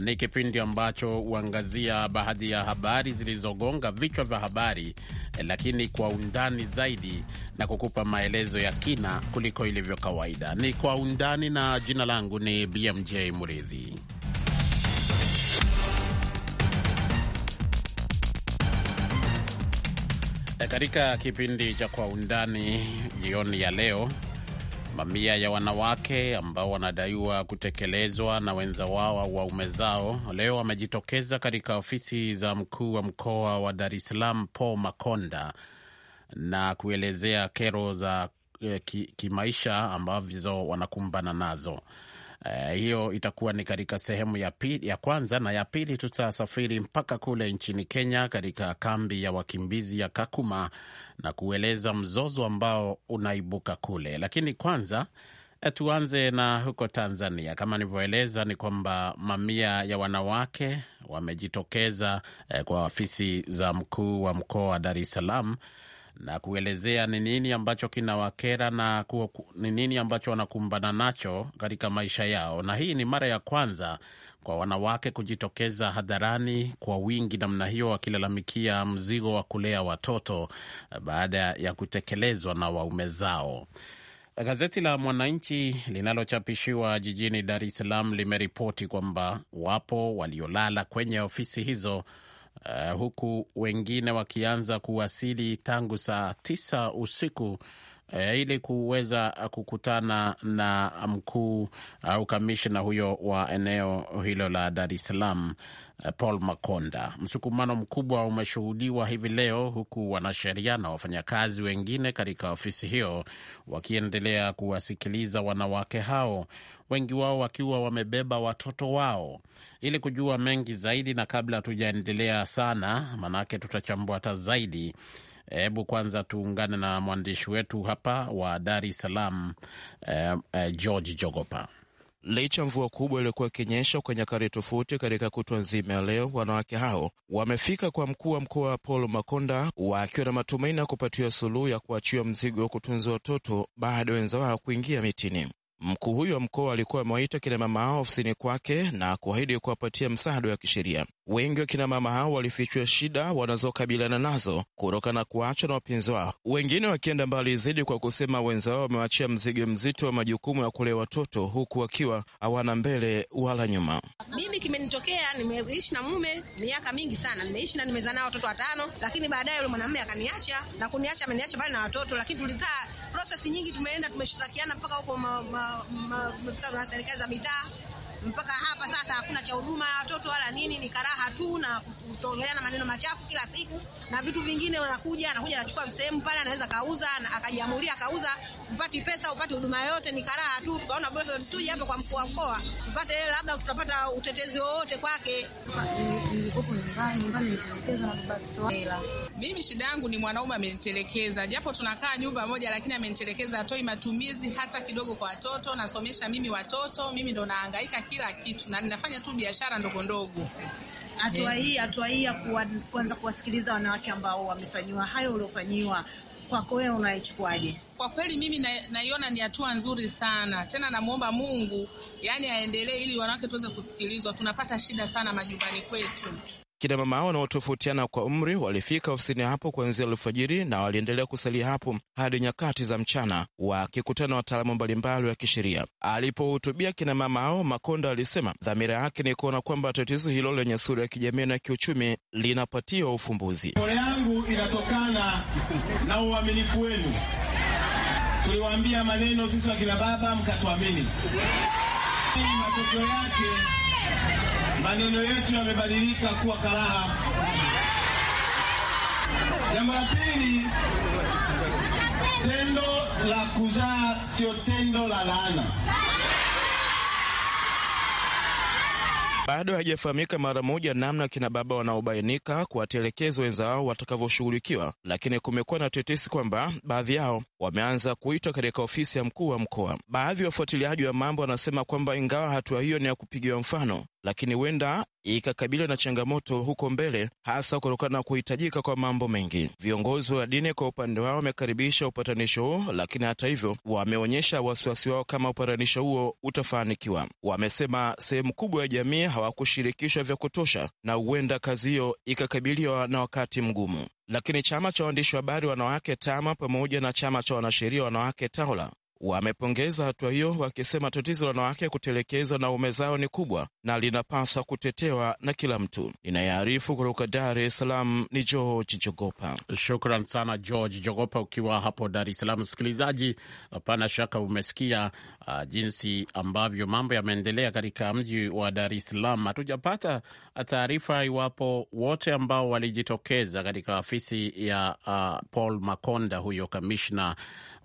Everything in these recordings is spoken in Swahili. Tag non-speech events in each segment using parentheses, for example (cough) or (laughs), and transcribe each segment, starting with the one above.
ni kipindi ambacho huangazia baadhi ya habari zilizogonga vichwa vya habari, eh, lakini kwa undani zaidi na kukupa maelezo ya kina kuliko ilivyo kawaida. Ni kwa undani, na jina langu ni BMJ Muridhi. Eh, katika kipindi cha kwa undani jioni ya leo Mamia ya wanawake ambao wanadaiwa kutekelezwa na wenza wao au waume zao leo wamejitokeza katika ofisi za mkuu wa mkoa wa Dar es Salaam Paul Makonda na kuelezea kero za eh, kimaisha ki ambazo wanakumbana nazo. Uh, hiyo itakuwa ni katika sehemu ya pili, ya kwanza na ya pili tutasafiri mpaka kule nchini Kenya katika kambi ya wakimbizi ya Kakuma na kueleza mzozo ambao unaibuka kule. Lakini kwanza eh, tuanze na huko Tanzania. Kama nilivyoeleza, ni kwamba mamia ya wanawake wamejitokeza eh, kwa ofisi za mkuu wa mkoa wa Dar es Salaam na kuelezea ni nini ambacho kinawakera na ni nini ambacho wanakumbana nacho katika maisha yao, na hii ni mara ya kwanza kwa wanawake kujitokeza hadharani kwa wingi namna hiyo wakilalamikia mzigo wa kulea watoto baada ya kutekelezwa na waume zao. Gazeti la Mwananchi linalochapishiwa jijini Dar es Salaam limeripoti kwamba wapo waliolala kwenye ofisi hizo uh, huku wengine wakianza kuwasili tangu saa tisa usiku e, ili kuweza kukutana na mkuu e, au kamishna huyo wa eneo hilo la Dar es Salaam e, Paul Makonda. Msukumano mkubwa umeshuhudiwa hivi leo, huku wanasheria na wafanyakazi wengine katika ofisi hiyo wakiendelea kuwasikiliza wanawake hao, wengi wao wakiwa wamebeba watoto wao. Ili kujua mengi zaidi, na kabla hatujaendelea sana, manake tutachambua hata zaidi Hebu kwanza tuungane na mwandishi wetu hapa wa Dar es Salaam eh, eh, George Jogopa. Licha mvua kubwa iliyokuwa ikinyesha kwa nyakati tofauti katika kutwa nzima ya leo, wanawake hao wamefika kwa mkuu wa mkoa wa Paul Makonda wakiwa na matumaini ya kupatiwa suluhu ya kuachiwa mzigo wa kutunza watoto baada ya wenza wao kuingia mitini. Mkuu huyo wa mkoa alikuwa amewaita kina mama hao ofisini kwake na kuahidi kuwapatia msaada wa kisheria. Wengi wa kina mama hao walifichwa shida wanazokabiliana nazo kutokana na kuachwa na wapenzi wao, wengine wakienda mbali zaidi kwa kusema wao wamewachia mzigo mzito wa majukumu ya kulea watoto huku wakiwa hawana mbele wala nyuma. Mimi kimenitokea, nimeishi na mume miaka mingi sana, nimeishi na nimezaa nao watoto watano, lakini baadaye yule mwanamume akaniacha na kuniacha, ameniacha mbali na watoto, lakini tulikaa prosesi nyingi, tumeenda tumeshtakiana mpaka huko serikali za mitaa mpaka hapa sasa hakuna cha huduma ya watoto wala nini, ni karaha tu na kutoleana maneno machafu kila siku na vitu vingine. Wanakuja anakuja anachukua sehemu pale, anaweza kauza na akajiamulia kauza, upati pesa upati huduma yoyote, ni karaha tu. Tukaona bora tuje hapa kwa mkuu wa mkoa tupate, labda tutapata utetezi wowote kwake. Mimi shida yangu ni mwanaume amenitelekeza, japo tunakaa nyumba moja, lakini amenitelekeza, atoi matumizi hata kidogo kwa watoto. Nasomesha mimi watoto, mimi ndo nahangaika kila kitu na ninafanya tu biashara ndogo ndogo. Hatua eh. hii hatua hii ya kuanza kuwasikiliza wanawake ambao wamefanyiwa hayo uliofanyiwa, kwako wewe unaichukuaje? Kwa kweli mimi naiona ni hatua nzuri sana tena, namwomba Mungu yani aendelee, ili wanawake tuweze kusikilizwa. Tunapata shida sana majumbani kwetu. Kina mama hao wanaotofautiana kwa umri walifika ofisini hapo kuanzia alfajiri na waliendelea kusalia hapo hadi nyakati za mchana, wakikutana na wataalamu mbalimbali wa kisheria. Alipohutubia kina mama hao, Makonda alisema dhamira yake ni kuona kwamba tatizo hilo lenye sura ya kijamii na kiuchumi linapatiwa ufumbuzi. Pole yangu inatokana na uaminifu wenu. Tuliwaambia maneno sisi wakina baba, mkatuamini. Matokeo yake maneno yetu yamebadilika kuwa karaha. Jambo la pili, tendo la kuzaa sio tendo la laana. Bado haijafahamika mara moja namna kina baba wanaobainika kuwatelekeza wenza wao watakavyoshughulikiwa, lakini kumekuwa na tetesi kwamba baadhi yao wameanza kuitwa katika ofisi ya mkuu wa mkoa. Baadhi ya wafuatiliaji wa mambo wanasema kwamba ingawa hatua hiyo ni ya kupigiwa mfano, lakini huenda ikakabiliwa na changamoto huko mbele, hasa kutokana na kuhitajika kwa mambo mengi. Viongozi wa dini kwa upande wao wamekaribisha upatanisho huo, lakini hata hivyo wameonyesha wasiwasi wao kama upatanisho huo utafanikiwa. Wamesema sehemu kubwa ya jamii hawakushirikishwa vya kutosha, na huenda kazi hiyo ikakabiliwa na wakati mgumu. Lakini chama cha waandishi wa habari wanawake TAMA pamoja na chama cha wanasheria wanawake TAOLA Wamepongeza hatua hiyo wakisema tatizo la wanawake kutelekezwa na ume zao ni kubwa na linapaswa kutetewa na kila mtu. Ninayearifu kutoka Dar es Salaam ni George Jogopa. Shukran sana George Jogopa ukiwa hapo Dar es Salaam. Msikilizaji, hapana shaka umesikia uh, jinsi ambavyo mambo yameendelea katika mji wa Dar es Salaam. Hatujapata taarifa iwapo wote ambao walijitokeza katika ofisi ya uh, Paul Makonda, huyo kamishna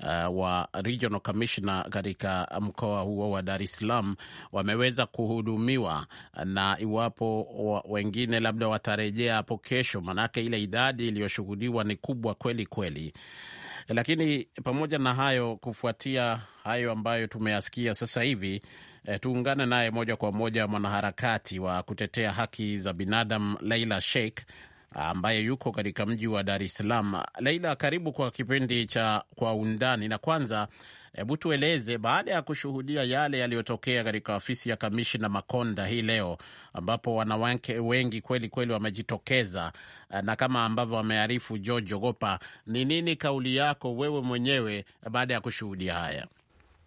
uh, wa regional commissioner katika mkoa huo wa Dar es Salaam wameweza kuhudumiwa, na iwapo wengine labda watarejea hapo kesho, maanake ile idadi iliyoshuhudiwa ni kubwa kweli kweli. Lakini pamoja na hayo, kufuatia hayo ambayo tumeyasikia sasa hivi e, tuungane naye moja kwa moja mwanaharakati wa kutetea haki za binadamu Leila Sheikh ambaye yuko katika mji wa Dar es Salaam. Leila, karibu kwa kipindi cha Kwa Undani, na kwanza hebu tueleze, baada ya kushuhudia yale yaliyotokea katika ofisi ya kamishna Makonda hii leo, ambapo wanawake wengi kweli kweli wamejitokeza, na kama ambavyo wamearifu George ni nini kauli yako wewe mwenyewe baada ya kushuhudia haya?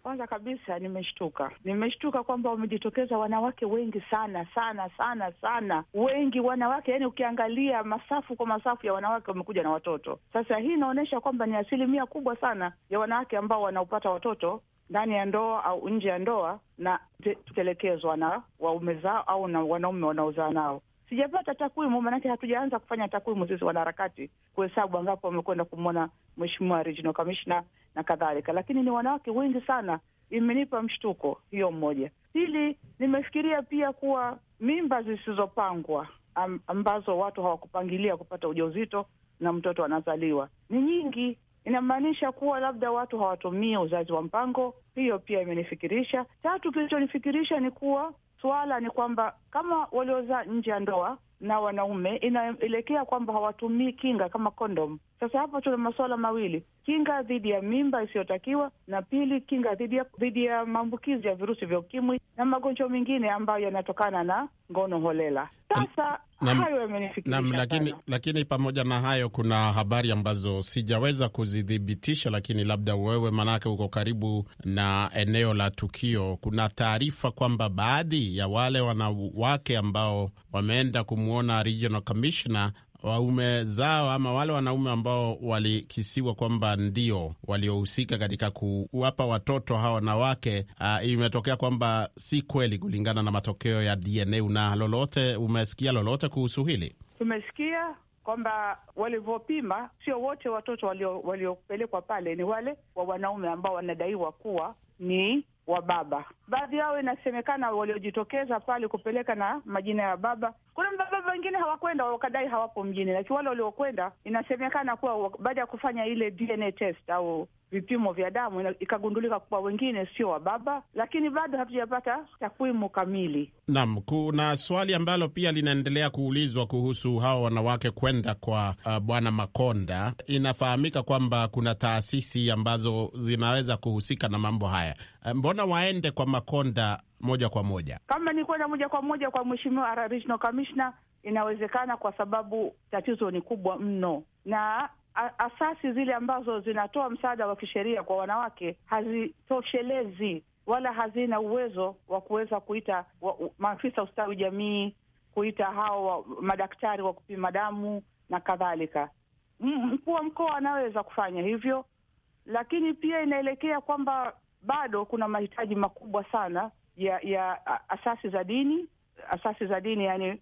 Kwanza kabisa nimeshtuka, nimeshtuka kwamba wamejitokeza wanawake wengi sana sana sana sana, wengi wanawake, yani ukiangalia masafu kwa masafu ya wanawake wamekuja na watoto. Sasa hii inaonyesha kwamba ni asilimia kubwa sana ya wanawake ambao wanaopata watoto ndani ya ndoa au nje ya ndoa, na tutelekezwa na waume zao au na wanaume wanaozaa nao. Sijapata takwimu, maanake hatujaanza kufanya takwimu sisi wanaharakati kuhesabu ambapo wamekwenda kumwona mheshimiwa regional commissioner na kadhalika, lakini ni wanawake wengi sana. Imenipa mshtuko hiyo mmoja. Pili, nimefikiria pia kuwa mimba zisizopangwa ambazo watu hawakupangilia kupata ujauzito na mtoto anazaliwa ni nyingi. Inamaanisha kuwa labda watu hawatumii uzazi wa mpango. Hiyo pia imenifikirisha. Tatu, kilichonifikirisha ni kuwa swala ni kwamba kama waliozaa nje ya ndoa na wanaume, inaelekea kwamba hawatumii kinga kama kondom sasa hapo tuna masuala mawili, kinga dhidi ya mimba isiyotakiwa na pili, kinga dhidi ya dhidi ya maambukizi ya virusi vya ukimwi na magonjwa mengine ambayo yanatokana na ngono holela. Sasa nam, hayo yamenifikirisha nam, lakini, lakini pamoja na hayo kuna habari ambazo sijaweza kuzithibitisha, lakini labda wewe, manake uko karibu na eneo la tukio, kuna taarifa kwamba baadhi ya wale wanawake ambao wameenda kumwona regional commissioner waume zao ama wale wanaume ambao walikisiwa kwamba ndio waliohusika katika kuwapa watoto hawa wanawake, uh, ah, imetokea kwamba si kweli kulingana na matokeo ya DNA. Una lolote, umesikia lolote kuhusu hili? Tumesikia kwamba walivyopima, sio wote watoto waliopelekwa pale ni wale wa wanaume ambao wanadaiwa kuwa ni wa baba. Baadhi yao inasemekana waliojitokeza pale kupeleka na majina ya baba kuna mababa wengine hawakwenda, wakadai hawapo mjini, lakini wale waliokwenda, inasemekana kuwa baada ya kufanya ile DNA test au vipimo vya damu ikagundulika kuwa wengine sio wababa, lakini bado hatujapata takwimu kamili. Naam, kuna swali ambalo pia linaendelea kuulizwa kuhusu hawa wanawake kwenda kwa uh, bwana Makonda. Inafahamika kwamba kuna taasisi ambazo zinaweza kuhusika na mambo haya. Eh, mbona waende kwa Makonda moja kwa moja? Kama ni kwenda moja kwa moja kwa mheshimiwa Regional Commissioner, inawezekana kwa sababu tatizo ni kubwa mno na asasi zile ambazo zinatoa msaada wa kisheria kwa wanawake hazitoshelezi wala hazina uwezo wa kuweza kuita maafisa ustawi jamii, kuita hao madaktari wa kupima damu na kadhalika. Mkuu wa mkoa anaweza kufanya hivyo, lakini pia inaelekea kwamba bado kuna mahitaji makubwa sana ya ya asasi za dini asasi za dini yani,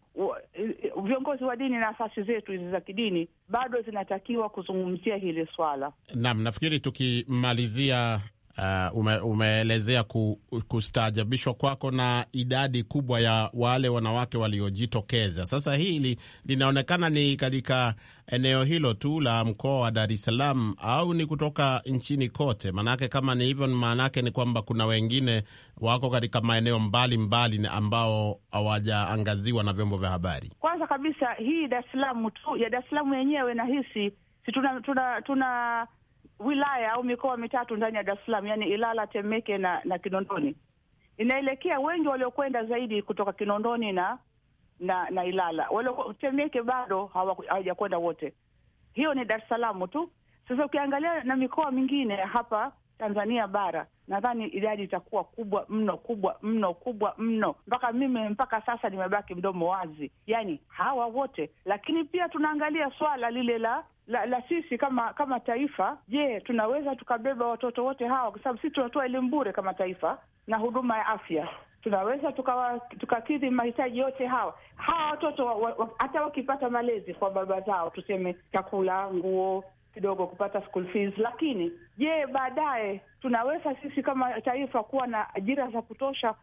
viongozi wa dini na asasi zetu hizi za kidini bado zinatakiwa kuzungumzia hili swala. Naam, nafikiri tukimalizia Uh, umeelezea ku, kustaajabishwa kwako na idadi kubwa ya wale wanawake waliojitokeza. Sasa hili linaonekana ni katika eneo hilo tu la mkoa wa Dar es Salaam au ni kutoka nchini kote? Maanake kama ni hivyo, maanake ni kwamba kuna wengine wako katika maeneo mbalimbali mbali ambao hawajaangaziwa na vyombo vya habari. Kwanza kabisa hii Dar es Salaam tu ya Dar es Salaam yenyewe nahisi si tuna, tuna, tuna wilaya au mikoa mitatu ndani ya Dar es Salaam, yani Ilala, Temeke na na Kinondoni. Inaelekea wengi waliokwenda zaidi kutoka Kinondoni na na na Ilala, walio Temeke bado hawajakwenda wote. Hiyo ni Dar es Salaam tu. Sasa ukiangalia na mikoa mingine hapa Tanzania bara, nadhani idadi itakuwa kubwa mno kubwa mno kubwa mno, mpaka mimi mpaka sasa nimebaki mdomo wazi, yani hawa wote. Lakini pia tunaangalia swala lile la la, la sisi kama kama taifa, je, tunaweza tukabeba watoto wote hawa? Kwa sababu sisi tunatoa elimu bure kama taifa na huduma ya afya tunaweza tukakidhi tuka mahitaji yote hawa hawa watoto wa, wa, hata wakipata malezi kwa baba zao, tuseme chakula, nguo kidogo, kupata school fees. Lakini je, baadaye tunaweza sisi kama taifa kuwa na ajira za kutosha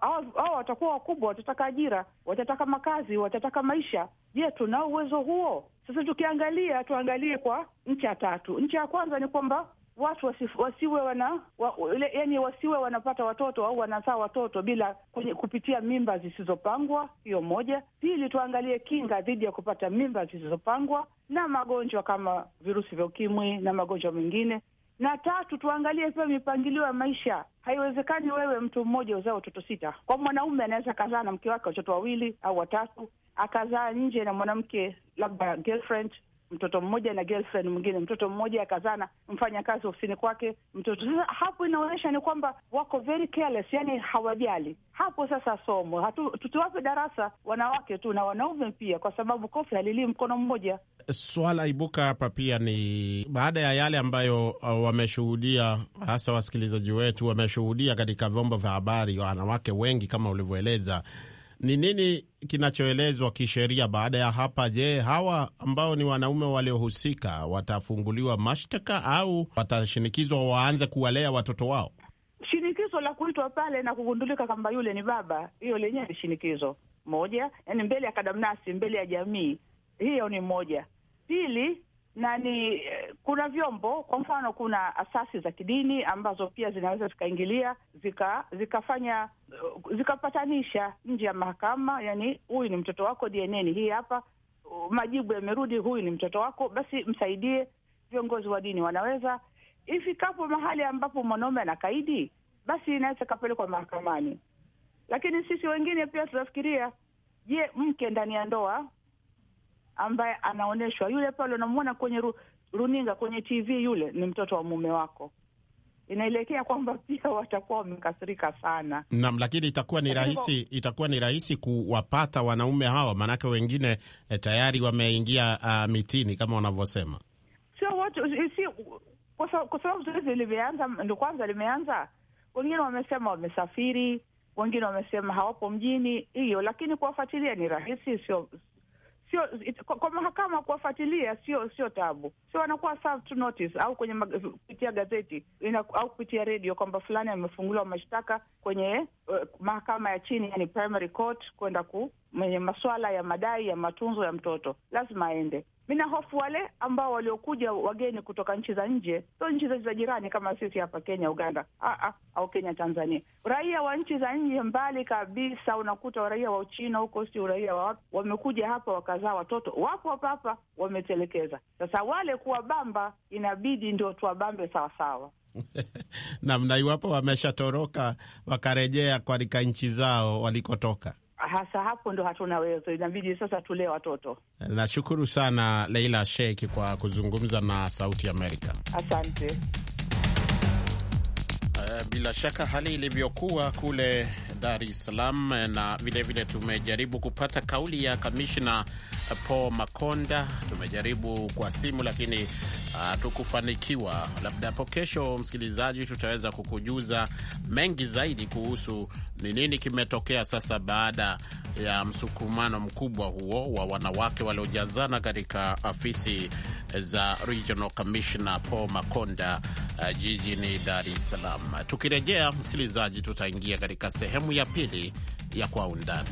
hao watakuwa wakubwa, watataka ajira, watataka makazi, watataka maisha. Je, tunao uwezo huo? Sasa tukiangalia, tuangalie kwa nchi ya tatu. Nchi ya kwanza ni kwamba watu wasifu, wasiwe wana wa, ule, yani wasiwe wanapata watoto au wanazaa watoto bila kwenye, kupitia mimba zisizopangwa. Hiyo moja. Pili, tuangalie kinga dhidi ya kupata mimba zisizopangwa na magonjwa kama virusi vya ukimwi na magonjwa mengine. Na tatu, tuangalie pia mipangilio ya maisha. Haiwezekani wewe mtu mmoja uzae watoto sita. Kwa mwanaume anaweza akazaa na mke wake watoto wawili au watatu, akazaa nje na mwanamke labda girlfriend mtoto mmoja na girlfriend mwingine, mtoto mmoja akazana mfanya kazi ofisini kwake mtoto. Sasa hapo inaonyesha ni kwamba wako very careless, yani hawajali. Hapo sasa somo tutiwape darasa wanawake tu na wanaume pia, kwa sababu kofi halilii mkono mmoja. Swala ibuka hapa pia ni baada ya yale ambayo uh, wameshuhudia, hasa wasikilizaji wetu wameshuhudia katika vyombo vya habari, wanawake wengi kama ulivyoeleza ni nini kinachoelezwa kisheria baada ya hapa? Je, hawa ambao ni wanaume waliohusika watafunguliwa mashtaka au watashinikizwa waanze kuwalea watoto wao? Shinikizo la kuitwa pale na kugundulika kwamba yule ni baba, hiyo lenyewe ni shinikizo moja, yani mbele ya kadamnasi, mbele ya jamii, hiyo ni moja. Pili, na ni eh, kuna vyombo, kwa mfano, kuna asasi za kidini ambazo pia zinaweza zikaingilia zika zikafanya eh, zikapatanisha nje ya mahakama, yani huyu ni mtoto wako, DNA ni hii hapa, majibu yamerudi, huyu ni mtoto wako, basi msaidie. Viongozi wa dini wanaweza, ifikapo mahali ambapo mwanaume anakaidi, basi inaweza ikapelekwa mahakamani. Lakini sisi wengine pia tunafikiria, je, mke ndani ya ndoa ambaye anaonyeshwa yule pale, unamwona kwenye ru, runinga kwenye TV, yule ni mtoto wa mume wako. Inaelekea kwamba (laughs) pia watakuwa wamekasirika sana. Naam, lakini itakuwa ni rahisi, itakuwa ni rahisi kuwapata wanaume hawa, maanake wengine eh, tayari wameingia uh, mitini kama wanavyosema, sio watu si kwa sababu zoezi limeanza, ndo kwanza limeanza. Wengine wamesema wamesafiri, wengine wamesema hawapo mjini hiyo, lakini kuwafuatilia ni rahisi, sio sio kwa, kwa mahakama kuwafuatilia sio sio tabu, sio wanakuwa serve to notice au kwenye kupitia gazeti ina, au kupitia redio kwamba fulani amefunguliwa mashtaka kwenye uh, mahakama ya chini, yani primary court, kwenda ku mwenye masuala ya madai ya matunzo ya mtoto lazima aende na hofu wale ambao waliokuja wageni kutoka nchi za nje, sio nchi za jirani kama sisi hapa Kenya, Uganda ah, ah, au Kenya, Tanzania. Raia wa nchi za nje mbali kabisa, unakuta raia wa Uchina huko, si raia wa wapi, wamekuja hapa wakazaa watoto, wapo hapa hapa, wametelekeza. Sasa wale kuwabamba, inabidi ndio tuwabambe sawasawa. (laughs) namna na iwapo wameshatoroka wakarejea katika nchi zao walikotoka hasa hapo ndo hatuna wezo, inabidi sasa tulee watoto. Nashukuru sana Leila Sheikh kwa kuzungumza na Sauti Amerika, asante. Eh, bila shaka hali ilivyokuwa kule Dar es Salaam, na vilevile vile tumejaribu kupata kauli ya kamishna Paul Makonda. Tumejaribu kwa simu lakini uh, Labda hapo kesho, msikilizaji, tutaweza kukujuza mengi zaidi kuhusu ni nini kimetokea sasa baada ya msukumano mkubwa huo wa wanawake waliojazana katika afisi za Regional Commissioner Paul Makonda uh, jijini Dar es Salaam. Tukirejea msikilizaji, tutaingia katika sehemu ya pili ya Kwa Undani.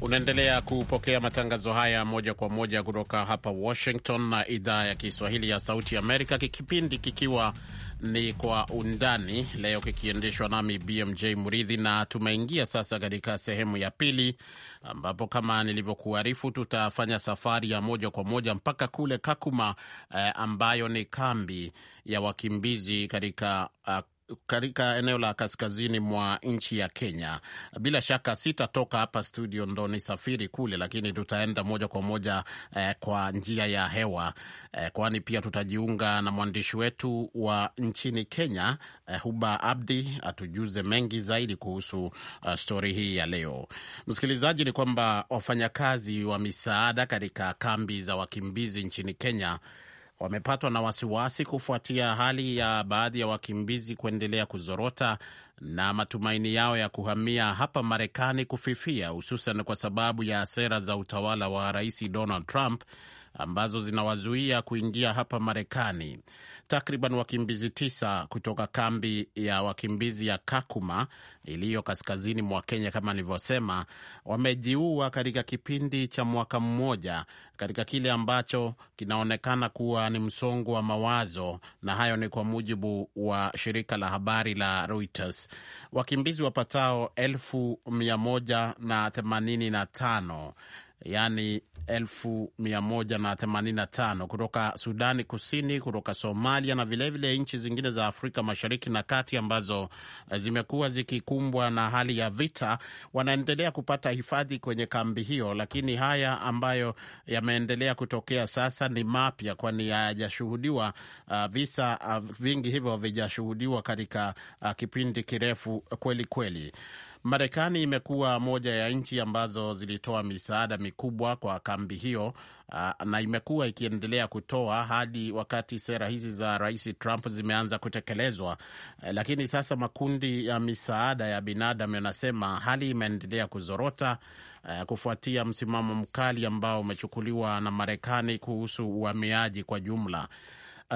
Unaendelea kupokea matangazo haya moja kwa moja kutoka hapa Washington na idhaa ya Kiswahili ya Sauti Amerika, kikipindi kikiwa ni Kwa Undani leo kikiendeshwa nami BMJ Muridhi, na tumeingia sasa katika sehemu ya pili, ambapo kama nilivyokuarifu, tutafanya safari ya moja kwa moja mpaka kule Kakuma eh, ambayo ni kambi ya wakimbizi katika uh, katika eneo la kaskazini mwa nchi ya Kenya. Bila shaka sitatoka hapa studio ndo nisafiri kule, lakini tutaenda moja kwa moja eh, kwa njia ya hewa eh, kwani pia tutajiunga na mwandishi wetu wa nchini Kenya eh, Huba Abdi atujuze mengi zaidi kuhusu uh, eh, stori hii ya leo. Msikilizaji, ni kwamba wafanyakazi wa misaada katika kambi za wakimbizi nchini Kenya wamepatwa na wasiwasi kufuatia hali ya baadhi ya wakimbizi kuendelea kuzorota na matumaini yao ya kuhamia hapa Marekani kufifia, hususan kwa sababu ya sera za utawala wa Rais Donald Trump ambazo zinawazuia kuingia hapa Marekani. Takriban wakimbizi tisa kutoka kambi ya wakimbizi ya Kakuma iliyo kaskazini mwa Kenya, kama nilivyosema, wamejiua katika kipindi cha mwaka mmoja katika kile ambacho kinaonekana kuwa ni msongo wa mawazo, na hayo ni kwa mujibu wa shirika la habari la Reuters. Wakimbizi wapatao elfu mia moja na themanini na tano yaani 1185 kutoka Sudani Kusini, kutoka Somalia na vilevile nchi zingine za Afrika Mashariki na Kati ambazo eh, zimekuwa zikikumbwa na hali ya vita, wanaendelea kupata hifadhi kwenye kambi hiyo. Lakini haya ambayo yameendelea kutokea sasa ni mapya, kwani hayajashuhudiwa uh, visa uh, vingi hivyo havijashuhudiwa katika uh, kipindi kirefu kweli kweli. Marekani imekuwa moja ya nchi ambazo zilitoa misaada mikubwa kwa kambi hiyo uh, na imekuwa ikiendelea kutoa hadi wakati sera hizi za Rais Trump zimeanza kutekelezwa. Uh, lakini sasa makundi ya misaada ya binadamu yanasema hali imeendelea kuzorota uh, kufuatia msimamo mkali ambao umechukuliwa na Marekani kuhusu uhamiaji kwa jumla.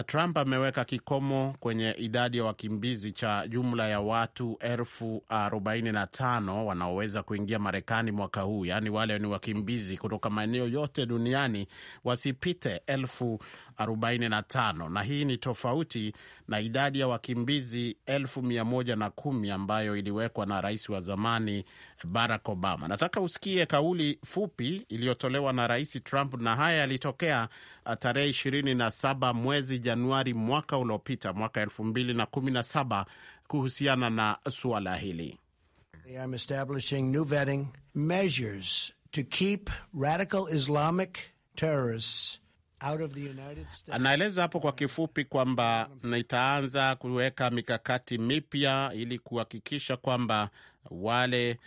Trump ameweka kikomo kwenye idadi ya wakimbizi cha jumla ya watu elfu arobaini na tano wanaoweza kuingia Marekani mwaka huu, yaani wale ni wakimbizi kutoka maeneo yote duniani wasipite elfu 45 na hii ni tofauti na idadi ya wakimbizi 11 ambayo iliwekwa na rais wa zamani Barack Obama. Nataka usikie kauli fupi iliyotolewa na Rais Trump, na haya yalitokea uh, tarehe 27 mwezi Januari mwaka uliopita, mwaka 2017 kuhusiana na suala hili. to keep radical Islamic terrorists Anaeleza hapo kwa kifupi kwamba nitaanza kuweka mikakati mipya ili kuhakikisha kwamba wale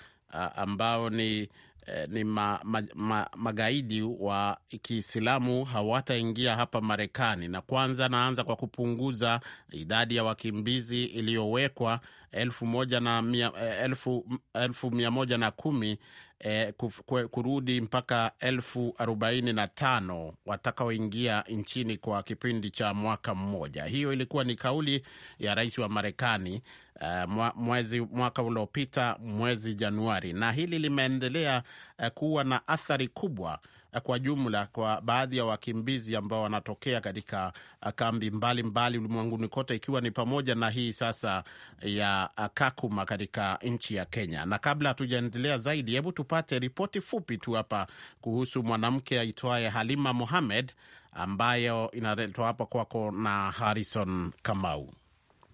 ambao ni e, ni ma, ma, ma, magaidi wa Kiislamu hawataingia hapa Marekani, na kwanza naanza kwa kupunguza idadi ya wakimbizi iliyowekwa elfu moja na mia, e, elfu, elfu mia moja na kumi eh, kuf, kurudi mpaka elfu arobaini na tano watakaoingia nchini kwa kipindi cha mwaka mmoja. Hiyo ilikuwa ni kauli ya rais wa Marekani Uh, mwezi mwaka uliopita mwezi Januari, na hili limeendelea uh, kuwa na athari kubwa Eh, kwa jumla kwa baadhi ya wakimbizi ambao wanatokea katika eh, kambi mbalimbali ulimwenguni kote, ikiwa ni pamoja na hii sasa ya eh, Kakuma katika nchi ya Kenya. Na kabla hatujaendelea zaidi, hebu tupate ripoti fupi tu hapa kuhusu mwanamke aitwaye Halima Mohamed ambayo inaletwa hapa kwako na Harrison Kamau.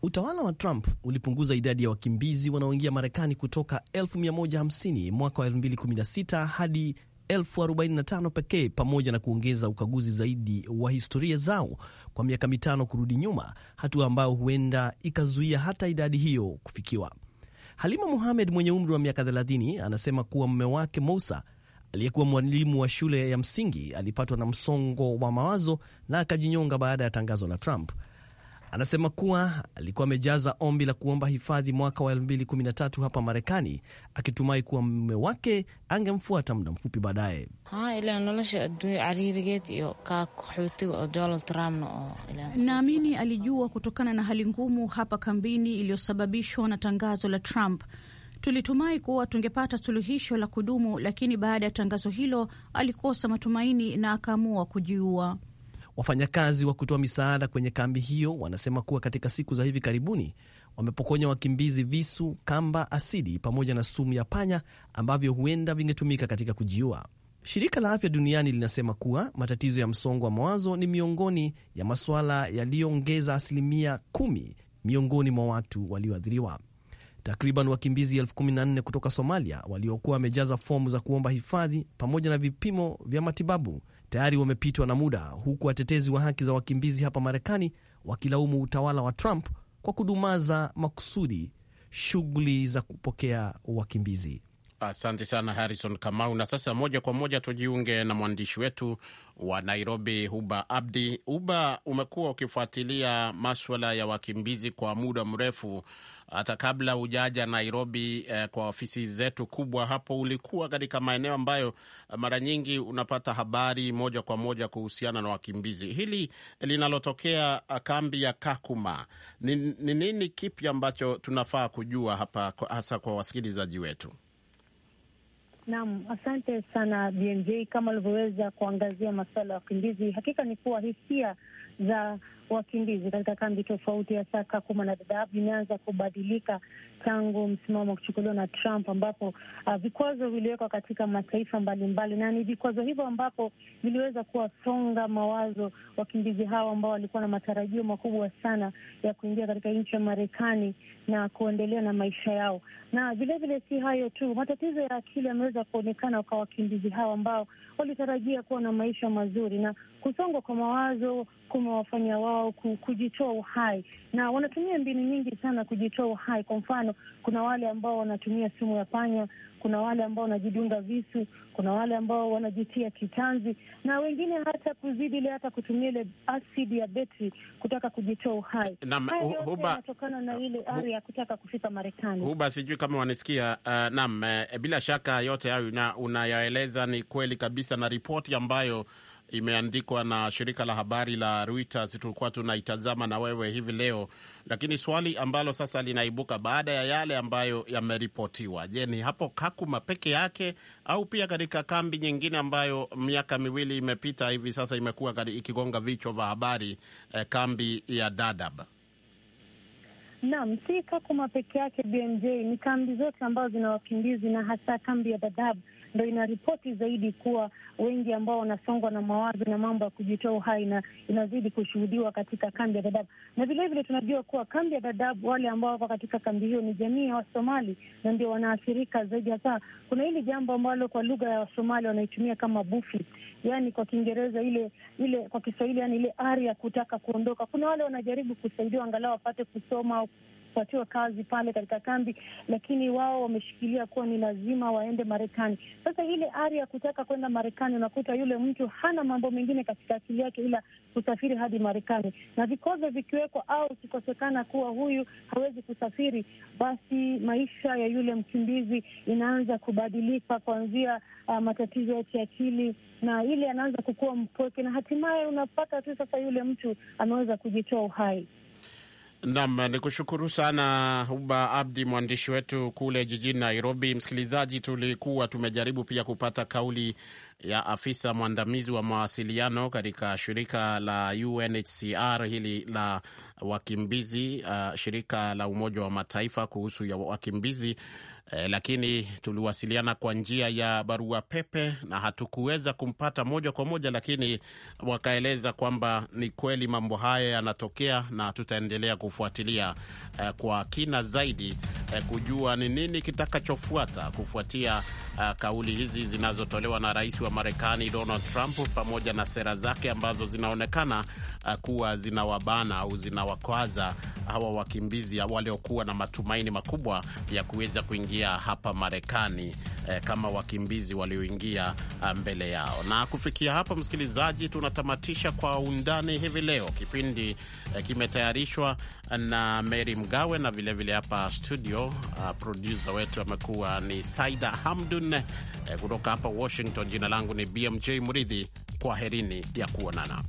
Utawala wa Trump ulipunguza idadi ya wakimbizi wanaoingia Marekani kutoka 150 mwaka wa 2016 hadi elfu 45 pekee pamoja na kuongeza ukaguzi zaidi wa historia zao kwa miaka mitano kurudi nyuma, hatua ambayo huenda ikazuia hata idadi hiyo kufikiwa. Halima muhamed mwenye umri wa miaka 30 anasema kuwa mume wake Mousa aliyekuwa mwalimu wa shule ya msingi alipatwa na msongo wa mawazo na akajinyonga baada ya tangazo la Trump. Anasema kuwa alikuwa amejaza ombi la kuomba hifadhi mwaka wa 2013 hapa Marekani, akitumai kuwa mume wake angemfuata muda mfupi baadaye. Naamini alijua kutokana na hali ngumu hapa kambini iliyosababishwa na tangazo la Trump. Tulitumai kuwa tungepata suluhisho la kudumu, lakini baada ya tangazo hilo alikosa matumaini na akaamua kujiua. Wafanyakazi wa kutoa misaada kwenye kambi hiyo wanasema kuwa katika siku za hivi karibuni wamepokonya wakimbizi visu, kamba, asidi pamoja na sumu ya panya ambavyo huenda vingetumika katika kujiua. Shirika la Afya Duniani linasema kuwa matatizo ya msongo wa mawazo ni miongoni ya masuala yaliyoongeza asilimia kumi miongoni mwa watu walioathiriwa. Takriban wakimbizi elfu kumi na nne kutoka Somalia waliokuwa wamejaza fomu za kuomba hifadhi pamoja na vipimo vya matibabu tayari wamepitwa na muda, huku watetezi wa haki za wakimbizi hapa Marekani wakilaumu utawala wa Trump kwa kudumaza makusudi shughuli za kupokea wakimbizi. Asante sana Harrison Kamau. Na sasa moja kwa moja tujiunge na mwandishi wetu wa Nairobi, Huba Abdi. Huba, umekuwa ukifuatilia maswala ya wakimbizi kwa muda mrefu, hata kabla hujaja Nairobi eh, kwa ofisi zetu kubwa hapo, ulikuwa katika maeneo ambayo eh, mara nyingi unapata habari moja kwa moja kuhusiana na wakimbizi. Hili linalotokea eh, kambi ya Kakuma ni nini, kipya ambacho tunafaa kujua hapa, hasa kwa wasikilizaji wetu? Naam, asante sana BMJ. Kama ulivyoweza kuangazia masuala ya wakimbizi, hakika ni kuwa hisia za wakimbizi katika kambi tofauti ya Saka Kuma na Dadaab imeanza kubadilika tangu msimamo wa kuchukuliwa na Trump, ambapo uh, vikwazo viliwekwa katika mataifa mbalimbali, na ni vikwazo hivyo ambapo viliweza kuwasonga mawazo wakimbizi hao ambao walikuwa na matarajio makubwa sana ya kuingia katika nchi ya Marekani na kuendelea na maisha yao. Na vilevile si hayo tu, matatizo ya akili yameweza kuonekana kwa wakimbizi hao ambao walitarajia kuwa na maisha mazuri, na kusongwa kwa mawazo kumewafanya wao wao kujitoa uhai, na wanatumia mbinu nyingi sana kujitoa uhai. Kwa mfano, kuna wale ambao wanatumia sumu ya panya, kuna wale ambao wanajidunga visu, kuna wale ambao wanajitia kitanzi, na wengine hata kuzidi ile, hata kutumia ile asidi ya betri kutaka kujitoa uhai. Inatokana na ile ari ya kutaka kufika Marekani. Huba, sijui kama wanisikia. Uh, naam, uh, bila shaka yote hayo unayaeleza una ni kweli kabisa na ripoti ambayo imeandikwa na shirika la habari la Reuters, tulikuwa tunaitazama na wewe hivi leo, lakini swali ambalo sasa linaibuka baada ya yale ambayo yameripotiwa, je, ni hapo Kakuma peke yake au pia katika kambi nyingine ambayo miaka miwili imepita hivi sasa imekuwa ikigonga vichwa vya habari eh, kambi ya Dadaab? Naam, si Kakuma peke yake, BMJ, ni kambi zote ambazo zina wakimbizi na hasa kambi ya Dadaab ndo inaripoti zaidi kuwa wengi ambao wanasongwa na mawazo na mambo ya kujitoa uhai na inazidi kushuhudiwa katika kambi ya Dadaab, na vilevile tunajua kuwa kambi ya Dadaab, wale ambao wako katika kambi hiyo ni jamii ya Wasomali na ndio wanaathirika zaidi. Hasa kuna hili jambo ambalo kwa lugha ya Wasomali wanaitumia kama bufi, yani kwa Kiingereza ile ile, kwa Kiswahili yani ile ari ya kutaka kuondoka. Kuna wale wanajaribu kusaidiwa angalau wapate kusoma kupatiwa kazi pale katika kambi, lakini wao wameshikilia kuwa ni lazima waende Marekani. Sasa ile ari ya kutaka kwenda Marekani, unakuta yule mtu hana mambo mengine katika akili yake ila kusafiri hadi Marekani, na vikozo vikiwekwa au ikikosekana kuwa huyu hawezi kusafiri, basi maisha ya yule mkimbizi inaanza kubadilika kuanzia uh, matatizo ya kiakili na ile anaanza kukua mpweke, na hatimaye unapata tu sasa yule mtu ameweza kujitoa uhai. Nam ni kushukuru sana Huba Abdi, mwandishi wetu kule jijini Nairobi. Msikilizaji, tulikuwa tumejaribu pia kupata kauli ya afisa mwandamizi wa mawasiliano katika shirika la UNHCR hili la wakimbizi, uh, shirika la Umoja wa Mataifa kuhusu ya wakimbizi E, lakini tuliwasiliana kwa njia ya barua pepe na hatukuweza kumpata moja kwa moja, lakini wakaeleza kwamba ni kweli mambo haya yanatokea na tutaendelea kufuatilia e, kwa kina zaidi e, kujua ni nini kitakachofuata kufuatia a, kauli hizi zinazotolewa na rais wa Marekani Donald Trump pamoja na sera zake ambazo zinaonekana kuwa zinawabana au zinawakwaza hawa wakimbizi waliokuwa na matumaini makubwa ya kuweza kuingia hapa Marekani eh, kama wakimbizi walioingia ah, mbele yao. Na kufikia hapa, msikilizaji, tunatamatisha kwa undani hivi leo. Kipindi eh, kimetayarishwa na Mary Mgawe na vilevile vile hapa studio uh, ah, produsa wetu amekuwa ni Saida Hamdun eh, kutoka hapa Washington. Jina langu ni BMJ Muridhi. herini ya kuonana.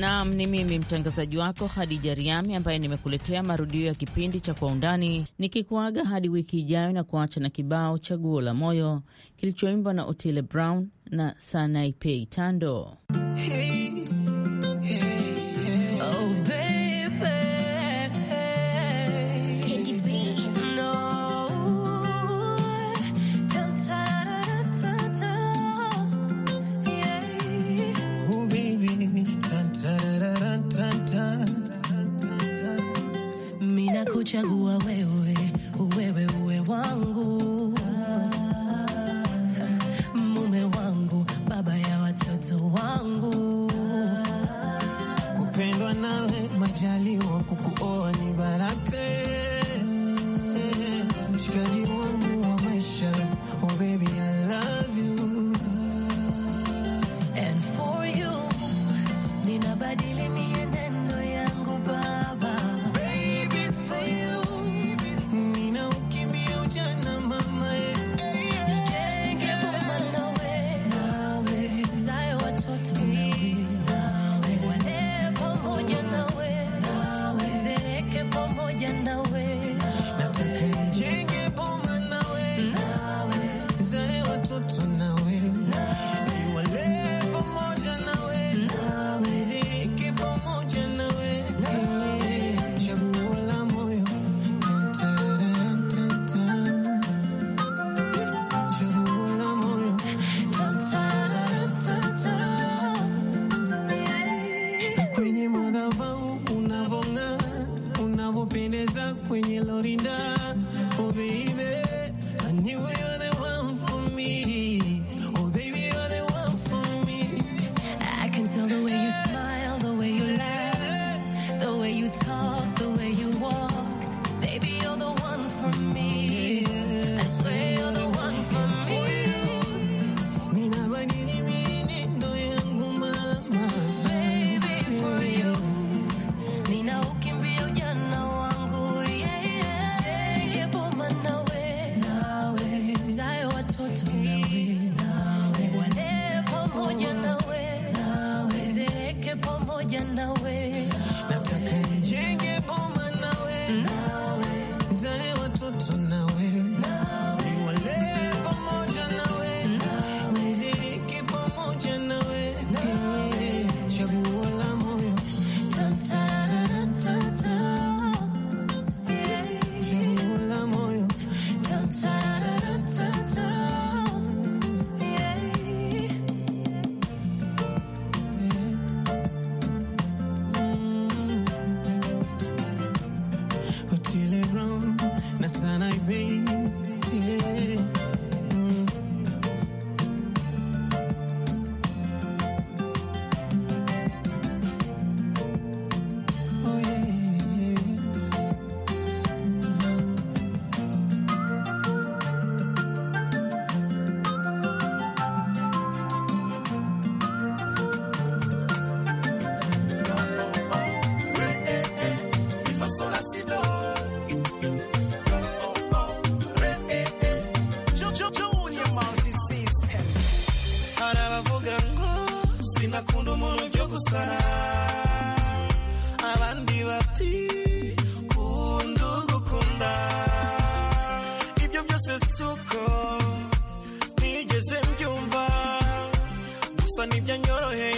Naam, ni mimi mtangazaji wako Hadija Riami ambaye nimekuletea marudio ya kipindi cha Kwa Undani, nikikuaga hadi wiki ijayo na kuacha na kibao Chaguo la Moyo kilichoimbwa na Otile Brown na sanaipei Tando. isuku ntigeze mbyumva gusa nibyo nyoroheye